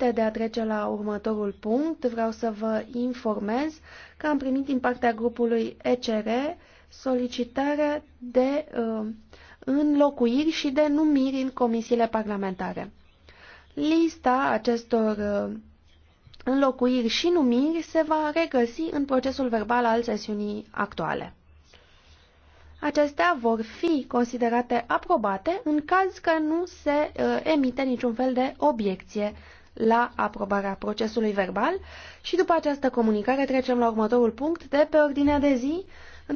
Înainte de a trece la următorul punct, vreau să vă informez că am primit din partea grupului ECR solicitare de uh, înlocuiri și de numiri în comisiile parlamentare. Lista acestor uh, înlocuiri și numiri se va regăsi în procesul verbal al sesiunii actuale. Acestea vor fi considerate aprobate în caz că nu se uh, emite niciun fel de obiecție la aprobarea procesului verbal și după această comunicare trecem la următorul punct de pe ordinea de zi,